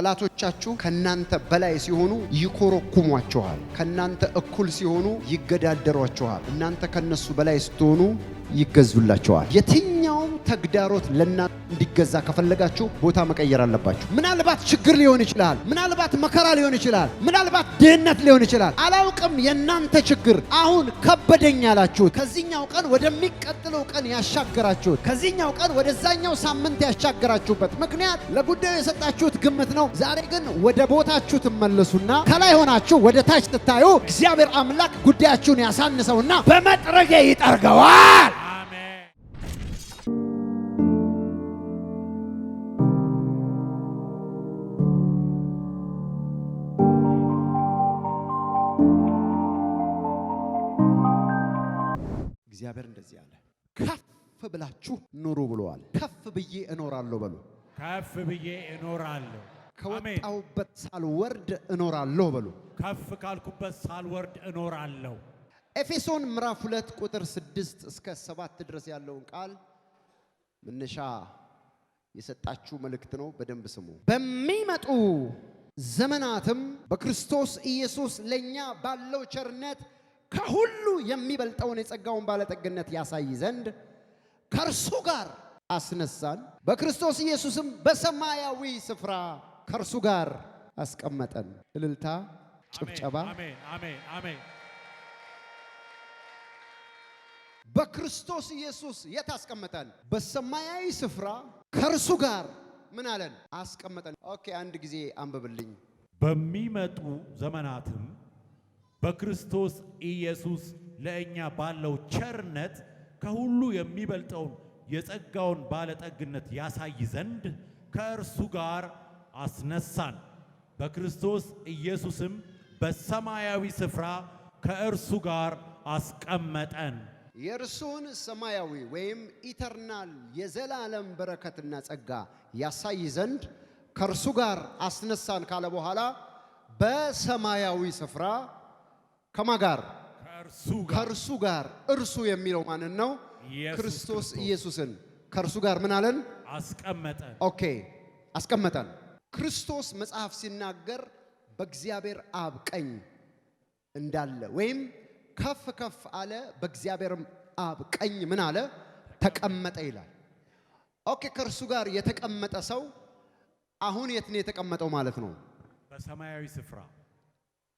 ጠላቶቻችሁ ከእናንተ በላይ ሲሆኑ ይኮረኩሟችኋል። ከእናንተ እኩል ሲሆኑ ይገዳደሯችኋል። እናንተ ከነሱ በላይ ስትሆኑ ይገዙላቸዋል። የትኛውም ተግዳሮት ለእናንተ እንዲገዛ ከፈለጋችሁ ቦታ መቀየር አለባችሁ። ምናልባት ችግር ሊሆን ይችላል። ምናልባት መከራ ሊሆን ይችላል። ምናልባት ድህነት ሊሆን ይችላል። አላውቅም። የእናንተ ችግር አሁን ከበደኝ ያላችሁት ከዚህኛው ቀን ወደሚቀጥለው ቀን ያሻገራችሁት ከዚህኛው ቀን ወደዛኛው ሳምንት ያሻገራችሁበት ምክንያት ለጉዳዩ የሰጣችሁት ግምት ነው። ዛሬ ግን ወደ ቦታችሁ ትመለሱና ከላይ ሆናችሁ ወደ ታች ትታዩ እግዚአብሔር አምላክ ጉዳያችሁን ያሳንሰውና በመጥረጊያ ይጠርገዋል። እግዚአብሔር እንደዚህ አለ፣ ከፍ ብላችሁ ኑሩ ብለዋል። ከፍ ብዬ እኖራለሁ በሉ። ከፍ ብዬ እኖራለሁ። ከወጣሁበት ሳልወርድ እኖራለሁ በሉ። ከፍ ካልኩበት ሳልወርድ እኖራለሁ። ኤፌሶን ምዕራፍ 2 ቁጥር 6 እስከ ሰባት ድረስ ያለውን ቃል መነሻ የሰጣችሁ መልእክት ነው። በደንብ ስሙ። በሚመጡ ዘመናትም በክርስቶስ ኢየሱስ ለእኛ ባለው ቸርነት ከሁሉ የሚበልጠውን የጸጋውን ባለጠግነት ያሳይ ዘንድ ከእርሱ ጋር አስነሳን፣ በክርስቶስ ኢየሱስም በሰማያዊ ስፍራ ከእርሱ ጋር አስቀመጠን። እልልታ፣ ጭብጨባ። በክርስቶስ ኢየሱስ የት አስቀመጠን? በሰማያዊ ስፍራ ከእርሱ ጋር ምን አለን? አስቀመጠን። ኦኬ፣ አንድ ጊዜ አንብብልኝ። በሚመጡ ዘመናትም በክርስቶስ ኢየሱስ ለእኛ ባለው ቸርነት ከሁሉ የሚበልጠውን የጸጋውን ባለጠግነት ያሳይ ዘንድ ከእርሱ ጋር አስነሳን። በክርስቶስ ኢየሱስም በሰማያዊ ስፍራ ከእርሱ ጋር አስቀመጠን። የእርሱን ሰማያዊ ወይም ኢተርናል የዘላለም በረከትና ጸጋ ያሳይ ዘንድ ከእርሱ ጋር አስነሳን ካለ በኋላ በሰማያዊ ስፍራ ከማ ጋር ከእርሱ ጋር እርሱ የሚለው ማንን ነው? ክርስቶስ ኢየሱስን ከእርሱ ጋር ምን አለን? አስቀመጠን። ኦኬ አስቀመጠን። ክርስቶስ መጽሐፍ ሲናገር በእግዚአብሔር አብ ቀኝ እንዳለ ወይም ከፍ ከፍ አለ፣ በእግዚአብሔር አብ ቀኝ ምን አለ? ተቀመጠ ይላል። ኦኬ ከእርሱ ጋር የተቀመጠ ሰው አሁን የት ነው የተቀመጠው ማለት ነው? በሰማያዊ ስፍራ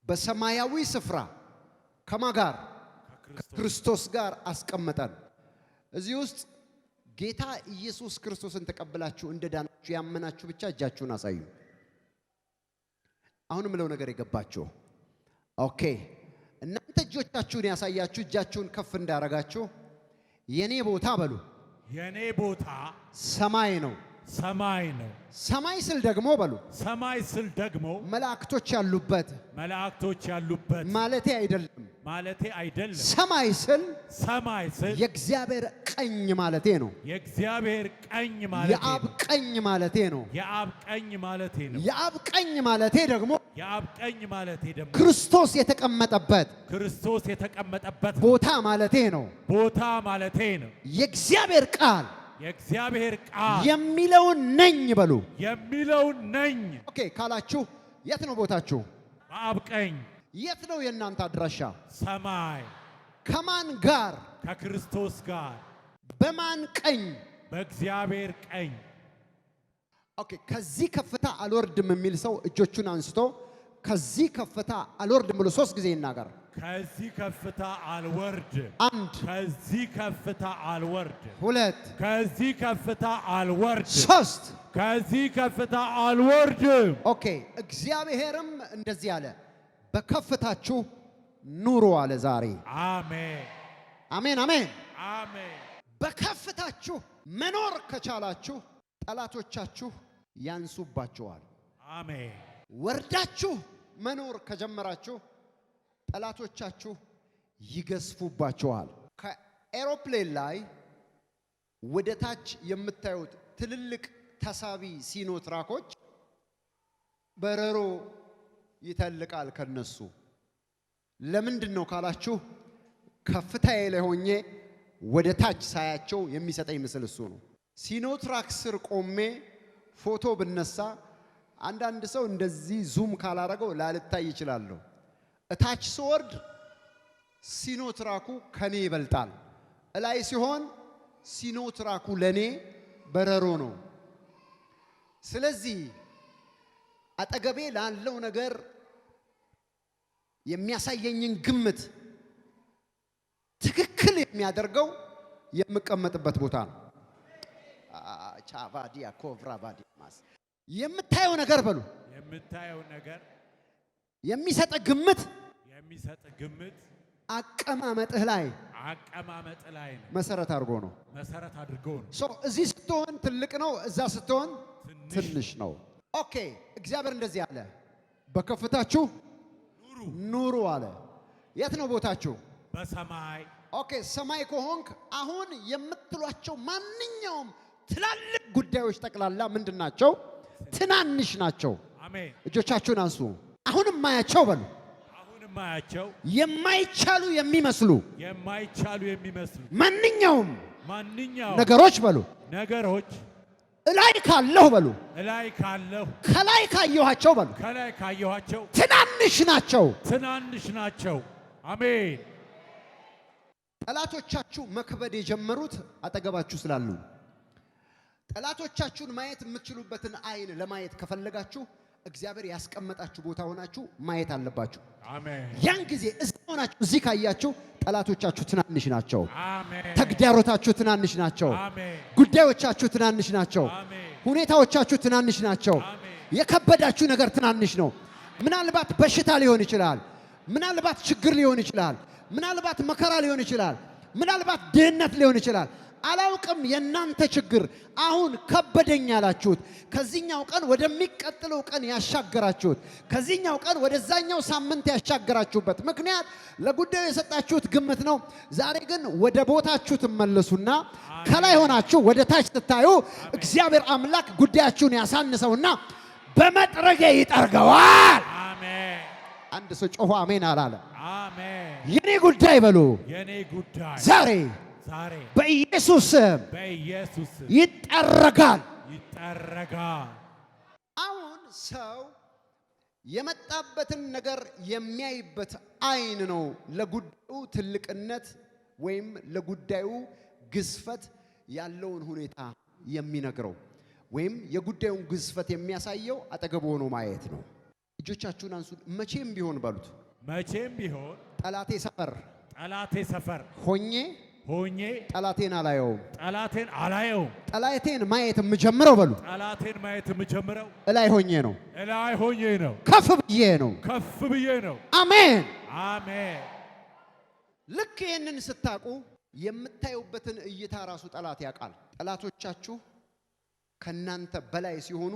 በሰማያዊ ስፍራ ከማ ጋር ከክርስቶስ ጋር አስቀመጠን። እዚህ ውስጥ ጌታ ኢየሱስ ክርስቶስን ተቀብላችሁ እንደ ዳናችሁ ያመናችሁ ብቻ እጃችሁን አሳዩ። አሁን ምለው ነገር የገባችሁ ኦኬ። እናንተ እጆቻችሁን ያሳያችሁ እጃችሁን ከፍ እንዳረጋችሁ የኔ ቦታ በሉ የኔ ቦታ ሰማይ ነው ሰማይ ነው። ሰማይ ስል ደግሞ በሉ ሰማይ ስል ደግሞ መላእክቶች ያሉበት መላእክቶች ያሉበት ማለቴ አይደለም ማለቴ አይደለም። ሰማይ ስል ሰማይ ስል የእግዚአብሔር ቀኝ ማለቴ ነው። የእግዚአብሔር ቀኝ ማለቴ የአብ ቀኝ ማለቴ ነው። የአብ ቀኝ ማለቴ ነው። የአብ ቀኝ ማለቴ ደግሞ የአብ ቀኝ ማለቴ ደግሞ ክርስቶስ የተቀመጠበት ክርስቶስ የተቀመጠበት ቦታ ማለቴ ነው። ቦታ ማለቴ ነው። የእግዚአብሔር ቃል የእግዚአብሔር ቃል የሚለውን ነኝ በሉ። የሚለውን ነኝ። ኦኬ ካላችሁ የት ነው ቦታችሁ? በአብ ቀኝ። የት ነው የእናንተ አድራሻ? ሰማይ። ከማን ጋር? ከክርስቶስ ጋር። በማን ቀኝ? በእግዚአብሔር ቀኝ። ኦኬ ከዚህ ከፍታ አልወርድም የሚል ሰው እጆቹን አንስቶ ከዚህ ከፍታ አልወርድም ብሎ ሶስት ጊዜ ይናገር። ከዚህ ከፍታ አልወርድ። አንድ ከዚህ ከፍታ አልወርድ። ሁለት ከዚህ ከፍታ አልወርድ። ሶስት ከዚህ ከፍታ አልወርድ። ኦኬ። እግዚአብሔርም እንደዚህ አለ፣ በከፍታችሁ ኑሩ አለ። ዛሬ አሜን፣ አሜን፣ አሜን፣ አሜን። በከፍታችሁ መኖር ከቻላችሁ ጠላቶቻችሁ ያንሱባችኋል። አሜን። ወርዳችሁ መኖር ከጀመራችሁ ጠላቶቻችሁ ይገዝፉባችኋል። ከኤሮፕሌን ላይ ወደ ታች የምታዩት ትልልቅ ተሳቢ ሲኖ ትራኮች በረሮ ይተልቃል ከነሱ። ለምንድን ነው ካላችሁ ከፍታዬ ላይ ሆኜ ወደ ታች ሳያቸው የሚሰጠኝ ምስል እሱ ነው። ሲኖትራክ ስር ቆሜ ፎቶ ብነሳ አንዳንድ ሰው እንደዚህ ዙም ካላረገው ላልታይ ይችላለሁ። እታች ስወርድ ሲኖትራኩ ከኔ ይበልጣል፣ እላይ ሲሆን ሲኖትራኩ ለኔ በረሮ ነው። ስለዚህ አጠገቤ ላለው ነገር የሚያሳየኝን ግምት ትክክል የሚያደርገው የምቀመጥበት ቦታ ነው። ቻቫዲያ ኮቭራ የምታየው ነገር በሉ የምታየው ነገር የሚሰጥ ግምት የሚሰጥ ግምት አቀማመጥህ ላይ አቀማመጥ ላይ ነው መሰረት አድርጎ ነው መሰረት አድርጎ ነው። ሶ እዚህ ስትሆን ትልቅ ነው፣ እዛ ስትሆን ትንሽ ነው። ኦኬ እግዚአብሔር እንደዚህ አለ፣ በከፍታችሁ ኑሩ አለ። የት ነው ቦታችሁ? በሰማይ። ኦኬ ሰማይ ከሆንክ አሁን የምትሏቸው ማንኛውም ትላልቅ ጉዳዮች ጠቅላላ ምንድን ናቸው? ትናንሽ ናቸው። እጆቻችሁን አንሱ። አሁንም ማያቸው በሉ ማያቸው የማይቻሉ የሚመስሉ የማይቻሉ የሚመስሉ ማንኛውም ማንኛውም ነገሮች በሉ ነገሮች እላይ ካለሁ በሉ እላይ ካለሁ ከላይ ካየኋቸው በሉ ከላይ ካየኋቸው ትናንሽ ናቸው ትናንሽ ናቸው። አሜን። ጠላቶቻችሁ መክበድ የጀመሩት አጠገባችሁ ስላሉ ጠላቶቻችሁን ማየት የምትችሉበትን አይን ለማየት ከፈለጋችሁ እግዚአብሔር ያስቀመጣችሁ ቦታ ሆናችሁ ማየት አለባችሁ። ያን ጊዜ እዚህ ሆናችሁ እዚህ ካያችሁ ጠላቶቻችሁ ትናንሽ ናቸው። ተግዳሮታችሁ ትናንሽ ናቸው። ጉዳዮቻችሁ ትናንሽ ናቸው። ሁኔታዎቻችሁ ትናንሽ ናቸው። የከበዳችሁ ነገር ትናንሽ ነው። ምናልባት በሽታ ሊሆን ይችላል። ምናልባት ችግር ሊሆን ይችላል። ምናልባት መከራ ሊሆን ይችላል። ምናልባት ድህነት ሊሆን ይችላል። አላውቅም የእናንተ ችግር አሁን ከበደኝ ያላችሁት ከዚህኛው ቀን ወደሚቀጥለው ቀን ያሻገራችሁት ከዚህኛው ቀን ወደዛኛው ሳምንት ያሻገራችሁበት ምክንያት ለጉዳዩ የሰጣችሁት ግምት ነው። ዛሬ ግን ወደ ቦታችሁ ትመለሱና ከላይ ሆናችሁ ወደ ታች ስታዩ እግዚአብሔር አምላክ ጉዳያችሁን ያሳንሰውና በመጥረጊያ ይጠርገዋል። አንድ ሰው ጮሆ አሜን አላለ። የኔ ጉዳይ በሉ ዛሬ በኢየሱስ ይጠረጋል። አሁን ሰው የመጣበትን ነገር የሚያይበት አይን ነው ለጉዳዩ ትልቅነት ወይም ለጉዳዩ ግዝፈት ያለውን ሁኔታ የሚነግረው ወይም የጉዳዩን ግዝፈት የሚያሳየው አጠገብ ሆኖ ማየት ነው። እጆቻችሁን አንሱ። መቼም ቢሆን በሉት፣ መቼም ቢሆን ጠላቴ ሰፈር ጠላቴ ሰፈር ሆኜ ሆኜ ጠላቴን አላየውም። ጠላቴን አላየውም። ጠላቴን ማየት የምጀምረው በሉ ጠላቴን ማየት የምጀምረው እላይ ሆኜ ነው። እላይ ሆኜ ነው። ከፍ ብዬ ነው። ከፍ ብዬ ነው። አሜን አሜን። ልክ ይህንን ስታውቁ የምታዩበትን እይታ ራሱ ጠላት ያውቃል። ጠላቶቻችሁ ከናንተ በላይ ሲሆኑ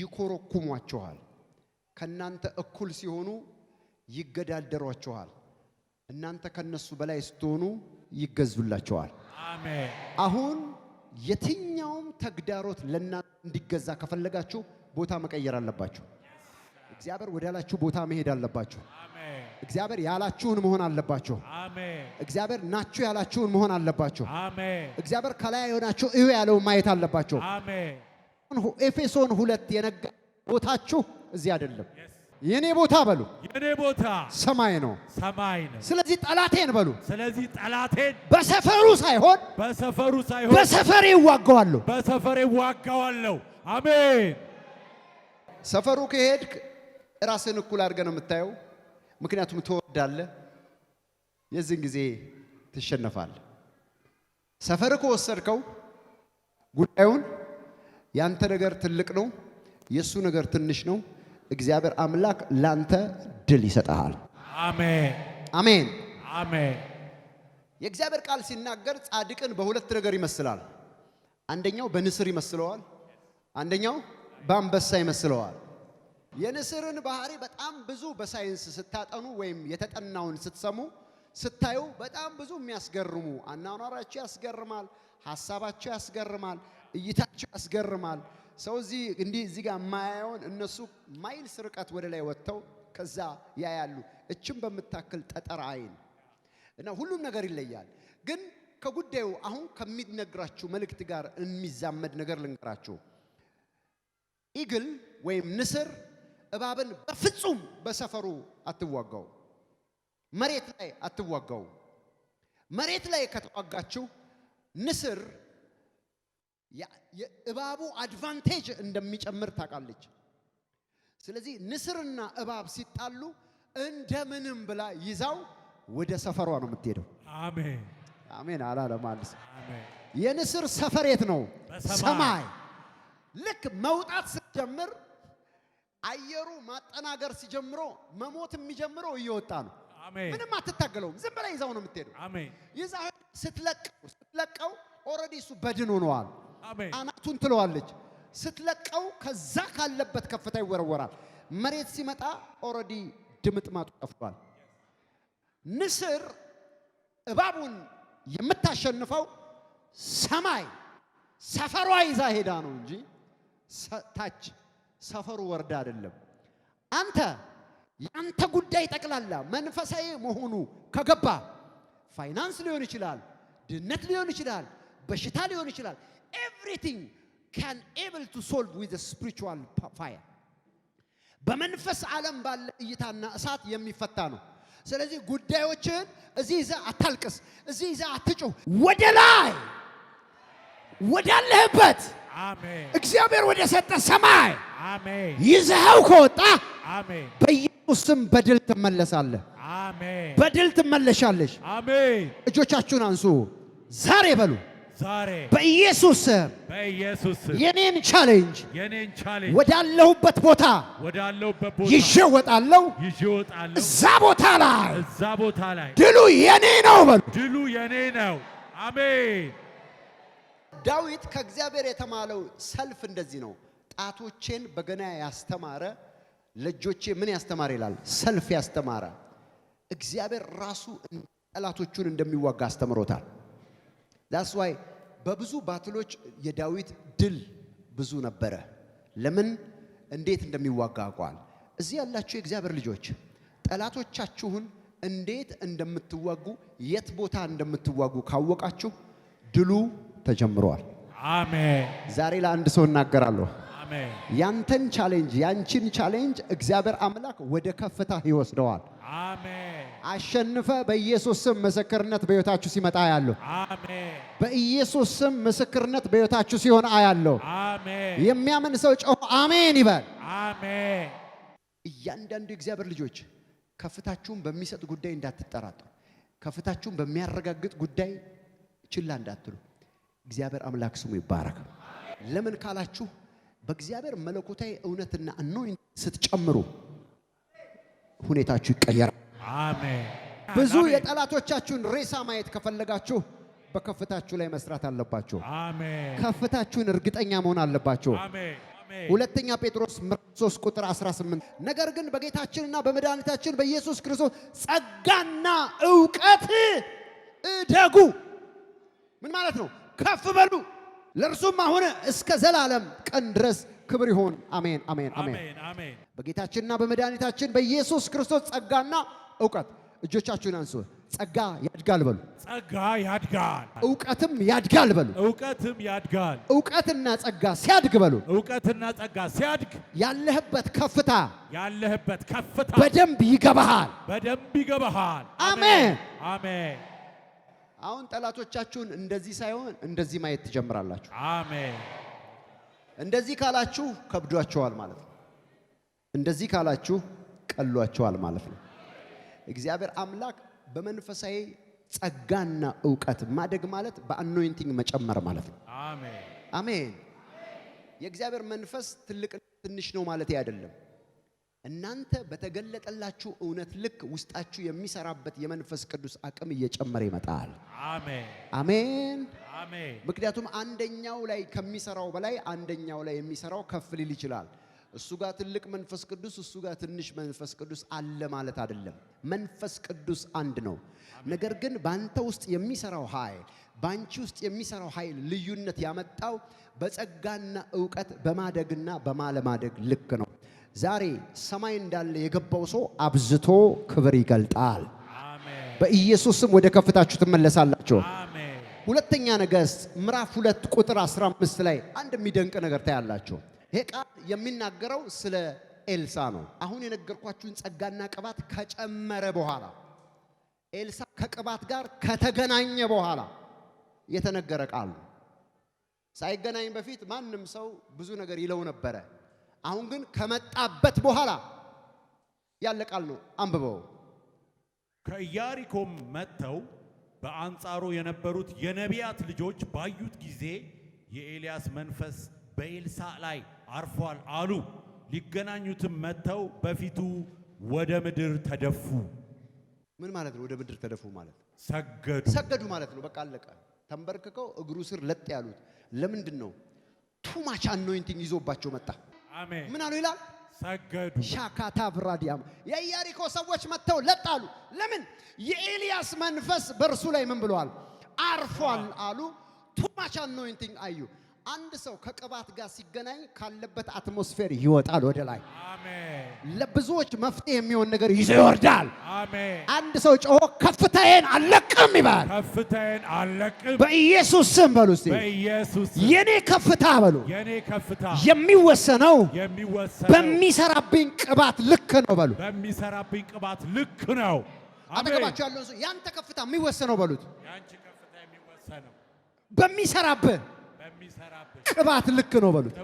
ይኮረኩሟችኋል። ከናንተ እኩል ሲሆኑ ይገዳደሯችኋል። እናንተ ከነሱ በላይ ስትሆኑ ይገዙላቸዋል። አሜን። አሁን የትኛውም ተግዳሮት ለእናንተ እንዲገዛ ከፈለጋችሁ ቦታ መቀየር አለባችሁ። እግዚአብሔር ወዳላችሁ ቦታ መሄድ አለባችሁ። እግዚአብሔር ያላችሁን መሆን አለባችሁ። እግዚአብሔር ናችሁ ያላችሁን መሆን አለባችሁ። እግዚአብሔር ከላይ የሆናችሁ እዩ ያለውን ማየት አለባችሁ። ኤፌሶን ሁለት የነገ ቦታችሁ እዚህ አይደለም። የኔ ቦታ በሉ የኔ ቦታ ሰማይ ነው ሰማይ ነው። ስለዚህ ጠላቴን በሉ ስለዚህ ጠላቴን በሰፈሩ ሳይሆን በሰፈሩ ሳይሆን በሰፈሬ ይዋጋዋለሁ በሰፈሬ ይዋጋዋለሁ። አሜን። ሰፈሩ ከሄድክ ራስን እኩል አድርገህ ነው የምታየው። ምክንያቱም ትወዳለህ፣ የዚህን ጊዜ ትሸነፋል። ሰፈር ከወሰድከው ጉዳዩን ያንተ ነገር ትልቅ ነው፣ የእሱ ነገር ትንሽ ነው እግዚአብሔር አምላክ ላንተ ድል ይሰጠሃል። አሜን አሜን አሜን። የእግዚአብሔር ቃል ሲናገር ጻድቅን በሁለት ነገር ይመስላል። አንደኛው በንስር ይመስለዋል፣ አንደኛው በአንበሳ ይመስለዋል። የንስርን ባህሪ በጣም ብዙ በሳይንስ ስታጠኑ ወይም የተጠናውን ስትሰሙ ስታዩ በጣም ብዙ የሚያስገርሙ አናኗራቸው ያስገርማል፣ ሀሳባቸው ያስገርማል፣ እይታቸው ያስገርማል። ሰው እዚህ እንዲህ እዚህ ጋር ማያየውን እነሱ ማይልስ ርቀት ወደ ላይ ወጥተው ከዛ ያያሉ። እችም በምታክል ጠጠር አይን እና ሁሉም ነገር ይለያል። ግን ከጉዳዩ አሁን ከሚነግራችሁ መልእክት ጋር የሚዛመድ ነገር ልንገራችሁ። ኢግል ወይም ንስር እባብን በፍጹም በሰፈሩ አትዋጋው፣ መሬት ላይ አትዋጋው። መሬት ላይ ከተዋጋችሁ ንስር የእባቡ አድቫንቴጅ እንደሚጨምር ታውቃለች። ስለዚህ ንስርና እባብ ሲጣሉ እንደምንም ብላ ይዛው ወደ ሰፈሯ ነው የምትሄደው። አሜን አሜን አላለም። የንስር ሰፈር የት ነው? ሰማይ። ልክ መውጣት ሲጀምር አየሩ ማጠናገር ሲጀምሮ መሞት የሚጀምረው እየወጣ ነው። ምንም አትታገለውም። ዝም ብላ ይዛው ነው የምትሄደው። ይዛ ስትለቀው ስትለቀው ኦልሬዲ እሱ በድን ሆነዋል። አናቱን ትለዋለች። ስትለቀው ከዛ ካለበት ከፍታ ይወረወራል። መሬት ሲመጣ ኦልሬዲ ድምጥማጡ ጠፍቷል። ንስር እባቡን የምታሸንፈው ሰማይ ሰፈሯ ይዛ ሄዳ ነው እንጂ ታች ሰፈሩ ወርዳ አይደለም። አንተ የአንተ ጉዳይ ጠቅላላ መንፈሳዊ መሆኑ ከገባ ፋይናንስ ሊሆን ይችላል፣ ድህነት ሊሆን ይችላል፣ በሽታ ሊሆን ይችላል። ኤቭሪቲንግ ካን ኤብል ቱ ሶልቭ ዊዝ ስፒሪቹዋል ፋየር በመንፈስ ዓለም ባለ እይታና እሳት የሚፈታ ነው። ስለዚህ ጉዳዮችን እዚህ ይዘህ አታልቅስ፣ እዚህ ይዘህ አትጩህ። ወደ ላይ ወዳለህበት እግዚአብሔር ወደ ሰጠ ሰማይ ይዘኸው ከወጣ በኢየሱስ ስም በድል ትመለሳለህ፣ በድል ትመለሻለሽ። እጆቻችሁን አንሱ ዛሬ በሉ በኢየሱስ የኔን ቻሌንጅ ወዳለሁበት ቦታ ይሸወጣለሁ። እዛ ቦታ ላይ ድሉ የኔ ነው በሉ። ድሉ የኔ ነው። አሜን። ዳዊት ከእግዚአብሔር የተማለው ሰልፍ እንደዚህ ነው። ጣቶቼን በገና ያስተማረ ለእጆቼ ምን ያስተማረ ይላል? ሰልፍ ያስተማረ እግዚአብሔር ራሱ ጠላቶቹን እንደሚዋጋ አስተምሮታል። ዳስ ዋይ በብዙ ባትሎች የዳዊት ድል ብዙ ነበረ። ለምን እንዴት እንደሚዋጋ አውቀዋል። እዚህ ያላችሁ የእግዚአብሔር ልጆች ጠላቶቻችሁን እንዴት እንደምትዋጉ የት ቦታ እንደምትዋጉ ካወቃችሁ ድሉ ተጀምሯል። አሜን። ዛሬ ለአንድ ሰው እናገራለሁ። ያንተን ቻሌንጅ ያንቺን ቻሌንጅ እግዚአብሔር አምላክ ወደ ከፍታ ይወስደዋል። አሜን። አሸንፈ በኢየሱስ ስም ምስክርነት በሕይወታችሁ ሲመጣ አያለሁ። በኢየሱስ ስም ምስክርነት በሕይወታችሁ ሲሆን አያለሁ። የሚያምን ሰው ጮሆ አሜን ይበል። እያንዳንዱ እግዚአብሔር ልጆች ከፍታችሁን በሚሰጥ ጉዳይ እንዳትጠራጠሩ፣ ከፍታችሁን በሚያረጋግጥ ጉዳይ ችላ እንዳትሉ። እግዚአብሔር አምላክ ስሙ ይባረክ። ለምን ካላችሁ በእግዚአብሔር መለኮታዊ እውነትና እኖኝ ስትጨምሩ ሁኔታችሁ ይቀየራል። አሜን። ብዙ የጠላቶቻችሁን ሬሳ ማየት ከፈለጋችሁ በከፍታችሁ ላይ መስራት አለባችሁ። ከፍታችሁን እርግጠኛ መሆን አለባችሁ። ሁለተኛ ጴጥሮስ ምዕራፍ 3 ቁጥር 18 ነገር ግን በጌታችንና በመድኃኒታችን በኢየሱስ ክርስቶስ ጸጋና እውቀት እደጉ። ምን ማለት ነው? ከፍ በሉ። ለእርሱም አሁን እስከ ዘላለም ቀን ድረስ ክብር ይሁን። አሜን፣ አሜን፣ አሜን። በጌታችንና በመድኃኒታችን በኢየሱስ ክርስቶስ ጸጋና እውቀት እጆቻችሁን አንሱ። ጸጋ ያድጋል በሉ። ጸጋ ያድጋል። እውቀትም ያድጋል በሉ። እውቀትም ያድጋል። እውቀትና ጸጋ ሲያድግ በሉ። እውቀትና ጸጋ ሲያድግ ያለህበት ከፍታ ያለህበት ከፍታ በደንብ ይገባሃል። በደንብ ይገባሃል። አሜን አሜን። አሁን ጠላቶቻችሁን እንደዚህ ሳይሆን እንደዚህ ማየት ትጀምራላችሁ። አሜን። እንደዚህ ካላችሁ ከብዷቸዋል ማለት ነው። እንደዚህ ካላችሁ ቀሏቸዋል ማለት ነው። እግዚአብሔር አምላክ በመንፈሳዊ ጸጋና እውቀት ማደግ ማለት በአኖይንቲንግ መጨመር ማለት ነው። አሜን። የእግዚአብሔር መንፈስ ትልቅ ትንሽ ነው ማለት አይደለም። እናንተ በተገለጠላችሁ እውነት ልክ ውስጣችሁ የሚሰራበት የመንፈስ ቅዱስ አቅም እየጨመረ ይመጣል። አሜን። ምክንያቱም አንደኛው ላይ ከሚሰራው በላይ አንደኛው ላይ የሚሰራው ከፍ ሊል ይችላል። እሱ ጋር ትልቅ መንፈስ ቅዱስ፣ እሱ ጋር ትንሽ መንፈስ ቅዱስ አለ ማለት አይደለም። መንፈስ ቅዱስ አንድ ነው። ነገር ግን በአንተ ውስጥ የሚሰራው ኃይል፣ በአንቺ ውስጥ የሚሰራው ኃይል ልዩነት ያመጣው በጸጋና እውቀት በማደግና በማለማደግ ልክ ነው። ዛሬ ሰማይ እንዳለ የገባው ሰው አብዝቶ ክብር ይገልጣል። በኢየሱስም ወደ ከፍታችሁ ትመለሳላችሁ። ሁለተኛ ነገሥት ምዕራፍ ሁለት ቁጥር 15 ላይ አንድ የሚደንቅ ነገር ታያላችሁ። ይሄ ቃል የሚናገረው ስለ ኤልሳ ነው። አሁን የነገርኳችሁን ጸጋና ቅባት ከጨመረ በኋላ ኤልሳ ከቅባት ጋር ከተገናኘ በኋላ የተነገረ ቃል ነው። ሳይገናኝ በፊት ማንም ሰው ብዙ ነገር ይለው ነበረ። አሁን ግን ከመጣበት በኋላ ያለ ቃል ነው። አንብበው። ከኢያሪኮም መጥተው በአንጻሩ የነበሩት የነቢያት ልጆች ባዩት ጊዜ የኤልያስ መንፈስ በኤልሳ ላይ አርፏል አሉ። ሊገናኙትም መጥተው በፊቱ ወደ ምድር ተደፉ። ምን ማለት ነው? ወደ ምድር ተደፉ ማለት ሰገዱ፣ ሰገዱ ማለት ነው። በቃ አለቀ። ተንበርክከው እግሩ ስር ለጥ ያሉት ለምንድን ነው? ቱማች አኖይንቲንግ ይዞባቸው መጣ። አሜን። ምን አሉ ይላል? ሰገዱ። ሻካታ ብራዲያም የኢያሪኮ ሰዎች መጥተው ለጥ አሉ። ለምን? የኤልያስ መንፈስ በእርሱ ላይ ምን ብለዋል? አርፏል አሉ። ቱማች አኖይንቲንግ አዩ። አንድ ሰው ከቅባት ጋር ሲገናኝ ካለበት አትሞስፌር ይወጣል ወደ ላይ። ለብዙዎች መፍትሄ የሚሆን ነገር ይዞ ይወርዳል። አንድ ሰው ጮሆ ከፍታዬን አለቅም ይባል። ከፍታዬን አለቅም በኢየሱስ ስም በሉ። የኔ ከፍታ በሉ። የሚወሰነው በሚሰራብኝ ቅባት ልክ ነው በሉ። በሚሰራብኝ ቅባት ልክ ነው። አጠገባቸው ያለውን ሰው ያንተ ከፍታ የሚወሰነው በሉት። በሚሰራብህ ቅባት ልክ ነው በሉት።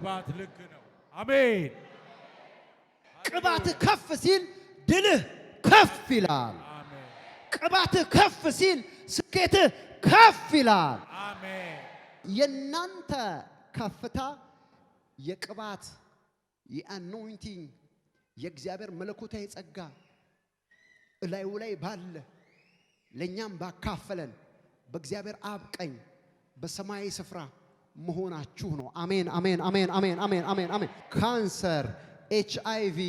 አሜን። ቅባትህ ከፍ ሲል ድልህ ከፍ ይላል። ቅባትህ ከፍ ሲል ስኬትህ ከፍ ይላል። የእናንተ ከፍታ የቅባት የአኖይንቲንግ የእግዚአብሔር መለኮታዊ ጸጋ እላዩ ላይ ባለ ለእኛም ባካፈለን በእግዚአብሔር አብ ቀኝ በሰማያዊ ስፍራ መሆናችሁ ነው። አሜን አሜን አሜን አሜን አሜን አሜን አሜን። ካንሰር፣ ኤች አይ ቪ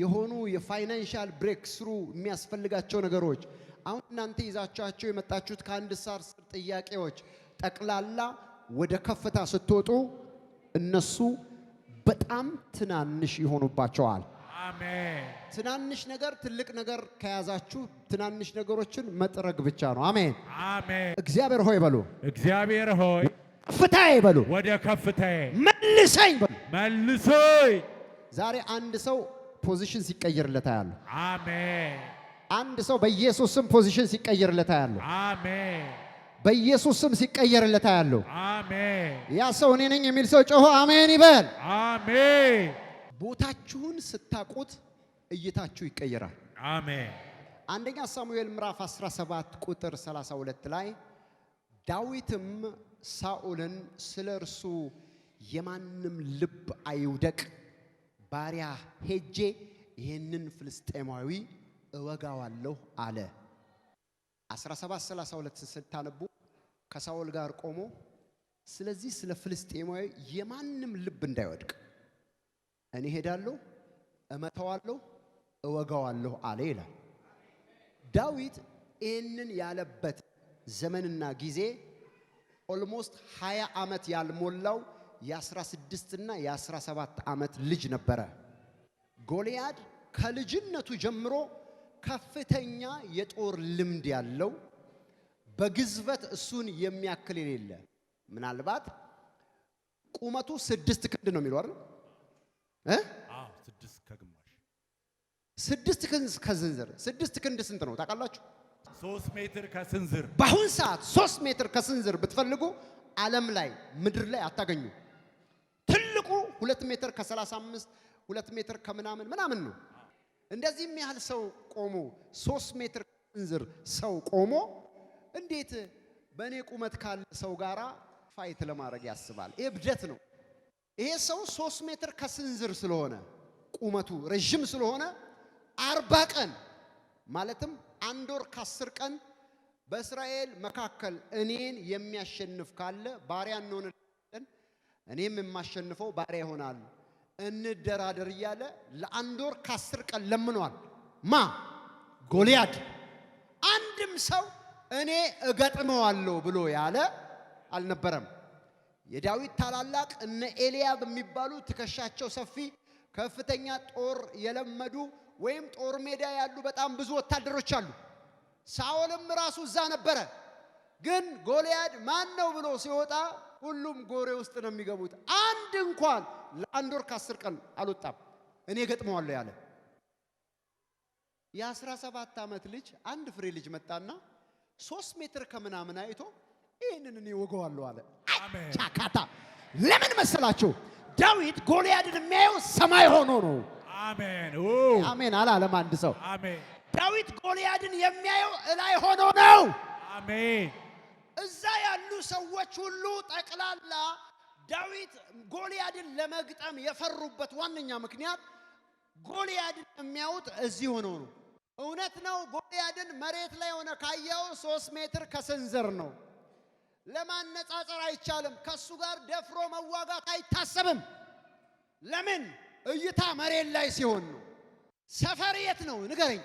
የሆኑ የፋይናንሻል ብሬክ ስሩ የሚያስፈልጋቸው ነገሮች አሁን እናንተ ይዛችኋቸው የመጣችሁት ከአንድ ሳር ስር ጥያቄዎች ጠቅላላ ወደ ከፍታ ስትወጡ እነሱ በጣም ትናንሽ ይሆኑባቸዋል። አሜን። ትናንሽ ነገር ትልቅ ነገር ከያዛችሁ ትናንሽ ነገሮችን መጥረግ ብቻ ነው። አሜን አሜን። እግዚአብሔር ሆይ በሉ። እግዚአብሔር ሆይ ከፍታዬ በሉ፣ ወደ ከፍታዬ መልሰኝ በሉ፣ መልሰኝ። ዛሬ አንድ ሰው ፖዚሽን ሲቀየርለት አያለሁ። አሜን። አንድ ሰው በኢየሱስ ስም ፖዚሽን ሲቀየርለት አያለሁ። አሜን። በኢየሱስ ስም ሲቀየርለት አያለሁ። አሜን። ያ ሰው እኔ ነኝ የሚል ሰው ጮሆ አሜን ይበል። አሜን። ቦታችሁን ስታቁት እይታችሁ ይቀየራል። አሜን። አንደኛ ሳሙኤል ምዕራፍ 17 ቁጥር 32 ላይ ዳዊትም ሳኦልን ስለ እርሱ የማንም ልብ አይውደቅ፣ ባሪያ ሄጄ ይህንን ፍልስጤማዊ እወጋዋለሁ አለ። 1732 ስታነቡ ከሳኦል ጋር ቆሞ ስለዚህ ስለ ፍልስጤማዊ የማንም ልብ እንዳይወድቅ እኔ ሄዳለሁ፣ እመተዋለሁ፣ እወጋዋለሁ አለ ይላል። ዳዊት ይህንን ያለበት ዘመንና ጊዜ ኦልሞስት 20 ዓመት ያልሞላው የ16 እና የ17 ዓመት ልጅ ነበረ። ጎልያድ ከልጅነቱ ጀምሮ ከፍተኛ የጦር ልምድ ያለው በግዝበት እሱን የሚያክል የሌለ ምናልባት ቁመቱ ስድስት ክንድ ነው የሚለው አይደል? ስድስት ክንድ ስንት ነው ታውቃላችሁ? ሶስት ሜትር ከስንዝር በአሁን ሰዓት ሶስት ሜትር ከስንዝር ብትፈልጉ ዓለም ላይ ምድር ላይ አታገኙ። ትልቁ ሁለት ሜትር ከሰላሳ አምስት ሁለት ሜትር ከምናምን ምናምን ነው። እንደዚህም ያህል ሰው ቆሞ ሶስት ሜትር ከስንዝር ሰው ቆሞ እንዴት በእኔ ቁመት ካለ ሰው ጋራ ፋይት ለማድረግ ያስባል? ይሄ እብደት ነው። ይሄ ሰው ሶስት ሜትር ከስንዝር ስለሆነ ቁመቱ ረዥም ስለሆነ አርባ ቀን ማለትም አንድ ወር ከአስር ቀን በእስራኤል መካከል እኔን የሚያሸንፍ ካለ ባሪያ እንሆንለን፣ እኔም የማሸንፈው ባሪያ ይሆናል፣ እንደራደር እያለ ለአንድ ወር ከአስር ቀን ለምኗል። ማ ጎልያድ አንድም ሰው እኔ እገጥመዋለሁ ብሎ ያለ አልነበረም። የዳዊት ታላላቅ እነ ኤልያብ የሚባሉ ትከሻቸው ሰፊ ከፍተኛ ጦር የለመዱ ወይም ጦር ሜዳ ያሉ በጣም ብዙ ወታደሮች አሉ። ሳኦልም ራሱ እዛ ነበረ። ግን ጎልያድ ማን ነው ብሎ ሲወጣ ሁሉም ጎሬ ውስጥ ነው የሚገቡት። አንድ እንኳን ለአንድ ወር ከአስር ቀን አልወጣም። እኔ ገጥመዋለሁ ያለ የአስራ ሰባት ዓመት ልጅ አንድ ፍሬ ልጅ መጣና ሶስት ሜትር ከምናምን አይቶ ይህንን እኔ ወገዋለሁ አለ። ቻካታ ለምን መሰላቸው? ዳዊት ጎልያድን የሚያየው ሰማይ ሆኖ ነው። አሜን አሜን አላለም። አንድ ሰው ዳዊት ጎልያድን የሚያየው እላይ ሆኖ ነው። አሜን። እዛ ያሉ ሰዎች ሁሉ ጠቅላላ ዳዊት ጎልያድን ለመግጠም የፈሩበት ዋነኛ ምክንያት ጎልያድን የሚያዩት እዚህ ሆኖ ነው። እውነት ነው። ጎልያድን መሬት ላይ ሆነ ካየው ሶስት ሜትር ከስንዝር ነው። ለማነጻጸር አይቻልም። ከሱ ጋር ደፍሮ መዋጋት አይታሰብም። ለምን እይታ መሬት ላይ ሲሆን ነው። ሰፈር የት ነው ንገረኝ?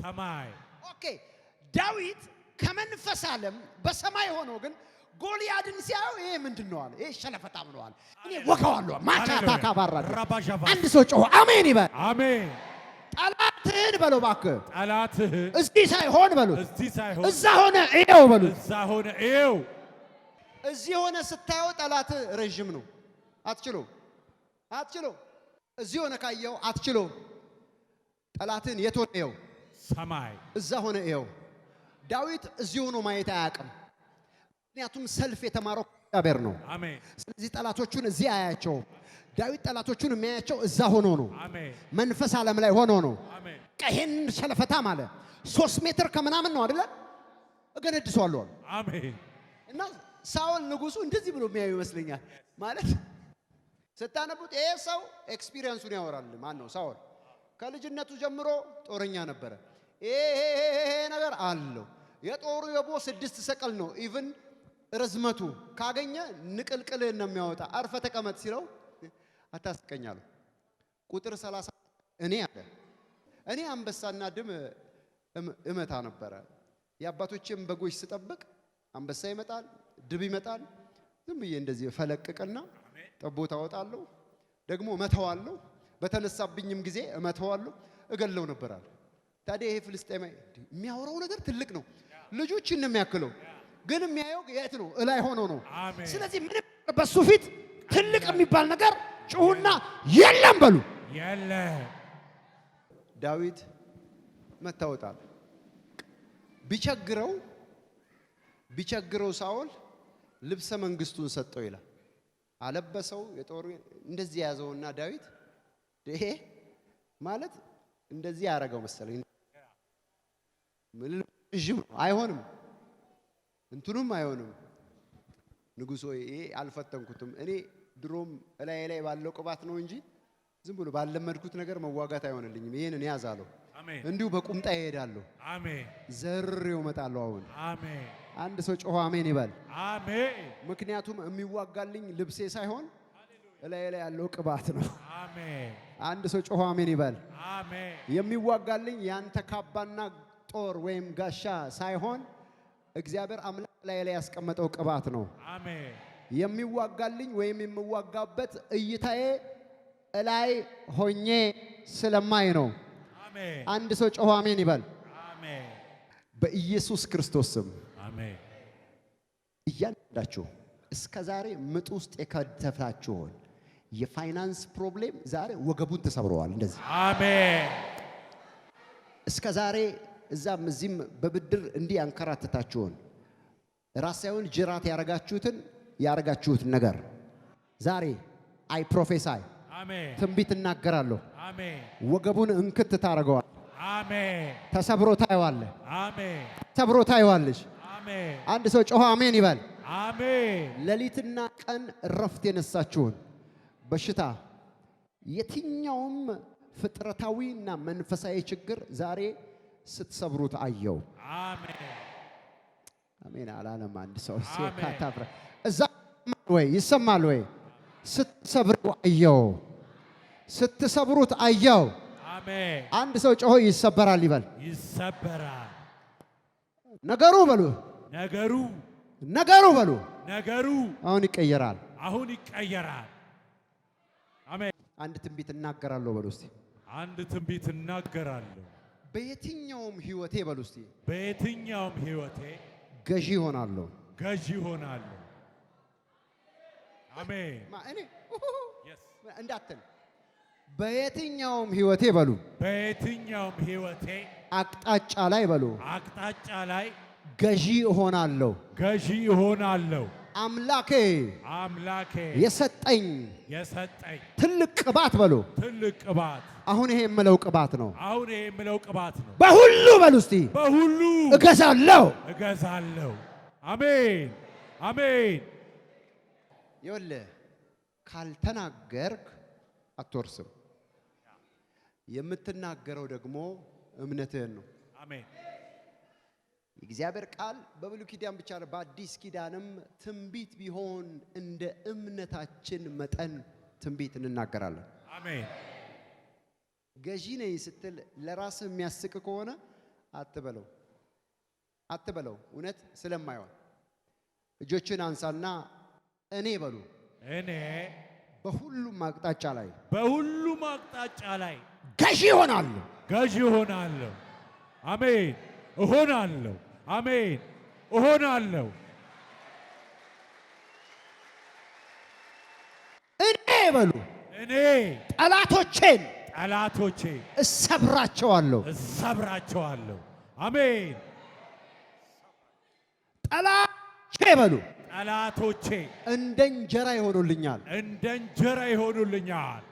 ሰማይ። ኦኬ። ዳዊት ከመንፈስ ዓለም በሰማይ ሆኖ ግን ጎልያድን ሲያየው ይሄ ምንድን ነው አለ። ይሄ ሸለፈታም ነው አለ። እኔ ወጋዋለሁ። ማቻታ ካባራ አንድ ሰው ጮኸ አሜን ይበል። አሜን ጠላትህን በሎ ባክ ጠላትህን እዚህ ሳይሆን በሎ ሳይሆን እዛ ሆነ እየው በሎ እዛ ሆነ እየው። እዚህ ሆነ ስታየው ጠላትህ ረዥም ነው። አትችለው አትችለው እዚህ ሆነ ካየው አትችለውም። ጠላትን የት ሆነ የው ሰማይ እዛ ሆነ የው ዳዊት እዚህ ሆኖ ማየት አያውቅም። ምክንያቱም ሰልፍ የተማረው እግዚአብሔር ነው። ስለዚህ ጠላቶቹን እዚህ አያቸው ዳዊት ጠላቶቹን የሚያያቸው እዛ ሆኖ ነው፣ መንፈስ ዓለም ላይ ሆኖ ነው። ቀሄን ሸለፈታም አለ ሶስት ሜትር ከምናምን ነው አይደለ? እገነድሰዋለሁ እና ሳውል ንጉሱ እንደዚህ ብሎ የሚያዩ ይመስለኛል ማለት ስታነቡት ይሄ ሰው ኤክስፒሪየንሱን ያወራል። ማን ነው ሳውል? ከልጅነቱ ጀምሮ ጦረኛ ነበረ። ይሄ ነገር አለው። የጦሩ የቦ ስድስት ሰቀል ነው። ኢቭን ርዝመቱ ካገኘ ንቅልቅል ነው የሚያወጣ። አርፈ ተቀመጥ ሲለው አታስቀኛለሁ። ቁጥር 30 እኔ አለ እኔ አንበሳና ድም እመታ ነበረ። የአባቶቼም በጎች ስጠብቅ አንበሳ ይመጣል፣ ድብ ይመጣል። ዝም ብዬ እንደዚህ ፈለቅቅና ጠቦት አወጣለሁ፣ ደግሞ እመተዋለሁ፣ በተነሳብኝም ጊዜ እመተዋለሁ፣ እገለው ነበራል። ታዲያ ይሄ ፍልስጤማዊ የሚያወራው ነገር ትልቅ ነው። ልጆችን ነው የሚያክለው፣ ግን የሚያየው የት ነው? እላይ ሆኖ ነው። ስለዚህ ምንም በሱ ፊት ትልቅ የሚባል ነገር ጩሁና የለም በሉ። ዳዊት መታወጣል ቢቸግረው ቢቸግረው ሳኦል ልብሰ መንግስቱን ሰጠው ይላል። አለበሰው የጦሩ እንደዚህ የያዘውና ዳዊት ይሄ ማለት እንደዚህ ያደረገው መሰለኝ። እዥም አይሆንም፣ እንትኑም አይሆንም። ንጉሶ ይሄ አልፈተንኩትም እኔ ድሮም እላይ ላይ ባለው ቅባት ነው እንጂ ዝም ብሎ ባለመድኩት ነገር መዋጋት አይሆንልኝም። ይህን እኔ ያዛለሁ፣ እንዲሁ በቁምጣ ይሄዳለሁ፣ ዘርሬው እመጣለሁ አሁን አንድ ሰው ጮሆ አሜን ይበል። አሜን። ምክንያቱም የሚዋጋልኝ ልብሴ ሳይሆን እላይ ላይ ያለው ቅባት ነው። አሜን። አንድ ሰው ጮሆ አሜን ይበል። አሜን። የሚዋጋልኝ ያንተ ካባና ጦር ወይም ጋሻ ሳይሆን እግዚአብሔር አምላክ እላይ ላይ ያስቀመጠው ቅባት ነው። አሜን። የሚዋጋልኝ ወይም የምዋጋበት እይታዬ እላይ ሆኜ ስለማይ ነው። አንድ ሰው ጮሆ አሜን ይበል። በኢየሱስ ክርስቶስ ስም አሜን። እያንዳንዳችሁ እስከ ዛሬ ምጥ ውስጥ የከተታችሁን የፋይናንስ ፕሮብሌም ዛሬ ወገቡን ተሰብረዋል። እንደዚህ አሜን። እስከ ዛሬ እዛም እዚህም በብድር እንዲህ ያንከራተታችሁን ራሳዩን ጅራት ያረጋችሁትን ያረጋችሁትን ነገር ዛሬ አይ ፕሮፌሳይ ትንቢት እናገራለሁ። ወገቡን እንክት ታረገዋል። ተሰብሮ ታየዋለህ። ተሰብሮ ታየዋለሽ። አንድ ሰው ጮኸ አሜን ይበል። አሜን። ሌሊትና ቀን እረፍት የነሳችሁን በሽታ፣ የትኛውም ፍጥረታዊና መንፈሳዊ ችግር ዛሬ ስትሰብሩት አየው። አሜን አላለም አንድ ሰው ካታፍረ እዛ ወይ ይሰማል ወይ ስትሰብሩ አየው። ስትሰብሩት አየው። አንድ ሰው ጮሆ ይሰበራል ይበል። ይሰበራል ነገሩ በሉ ነገሩ ነገሩ በሉ ነገሩ አሁን ይቀየራል። አሁን ይቀየራል። አሜን። አንድ ትንቢት እናገራለሁ በሉ እስቲ። አንድ ትንቢት እናገራለሁ። በየትኛውም ህይወቴ በሉ እስቲ። በየትኛውም ህይወቴ ገዢ ሆናለሁ። ገዢ ሆናለሁ። አሜን። እኔ እንዳትል በየትኛውም ህይወቴ በሉ በየትኛውም ህይወቴ አቅጣጫ ላይ በሉ አቅጣጫ ላይ ገዢ እሆናለሁ ገዢ እሆናለሁ። አምላኬ አምላኬ የሰጠኝ የሰጠኝ ትልቅ ቅባት በሉ ትልቅ ቅባት። አሁን ይሄ የምለው ቅባት ነው። አሁን ይሄ የምለው ቅባት ነው። በሁሉ በሉ እስቲ በሁሉ እገዛለሁ እገዛለሁ። አሜን አሜን። ይኸውልህ ካልተናገርክ አትወርስም። የምትናገረው ደግሞ እምነትህን ነው። አሜን የእግዚአብሔር ቃል በብሉይ ኪዳን ብቻ ነው፣ በአዲስ ኪዳንም ትንቢት ቢሆን እንደ እምነታችን መጠን ትንቢት እንናገራለን። አሜን። ገዢ ነኝ ስትል ለራስህ የሚያስቅ ከሆነ አትበለው አትበለው፣ እውነት ስለማይሆን እጆችን አንሳና እኔ በሉ። እኔ በሁሉም አቅጣጫ ላይ በሁሉም አቅጣጫ ላይ ገዢ እሆናለሁ ገዢ እሆናለሁ። አሜን እሆናለሁ። አሜን እሆናለሁ። እኔ በሉ እኔ ጠላቶቼን ጠላቶቼ እሰብራቸዋለሁ እሰብራቸዋለሁ። አሜን ጠላቶቼ በሉ ጠላቶቼ እንደ እንጀራ ይሆኑልኛል እንደ እንጀራ ይሆኑልኛል።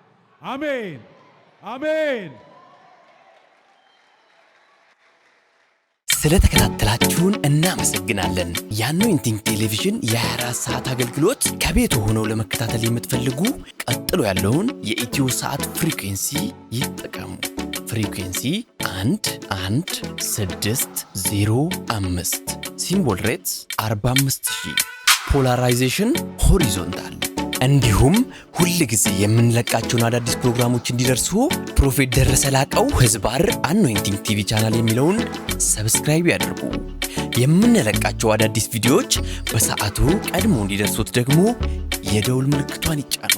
አሜን አሜን ስለተከታተላችሁን እናመሰግናለን። የአኖይንቲንግ ቴሌቪዥን የ24 ሰዓት አገልግሎት ከቤት ሆነው ለመከታተል የምትፈልጉ ቀጥሎ ያለውን የኢትዮ ሰዓት ፍሪኩንሲ ይጠቀሙ። ፍሪኩንሲ 1 ሲምቦል ሬትስ 45000 ፖላራይዜሽን ሆሪዞንታል እንዲሁም ሁል ጊዜ የምንለቃቸውን አዳዲስ ፕሮግራሞች እንዲደርሱ ፕሮፌት ደረሰ ላቀው ህዝባር አኖይንቲንግ ቲቪ ቻናል የሚለውን ሰብስክራይብ ያድርጉ። የምንለቃቸው አዳዲስ ቪዲዮዎች በሰዓቱ ቀድሞ እንዲደርሱት ደግሞ የደውል ምልክቷን ይጫኑ።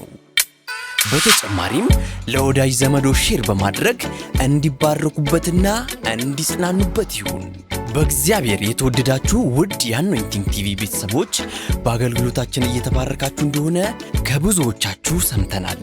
በተጨማሪም ለወዳጅ ዘመዶ ሼር በማድረግ እንዲባረኩበትና እንዲጽናኑበት ይሁን። በእግዚአብሔር የተወደዳችሁ ውድ የአኖይንቲንግ ቲቪ ቤተሰቦች በአገልግሎታችን እየተባረካችሁ እንደሆነ ከብዙዎቻችሁ ሰምተናል።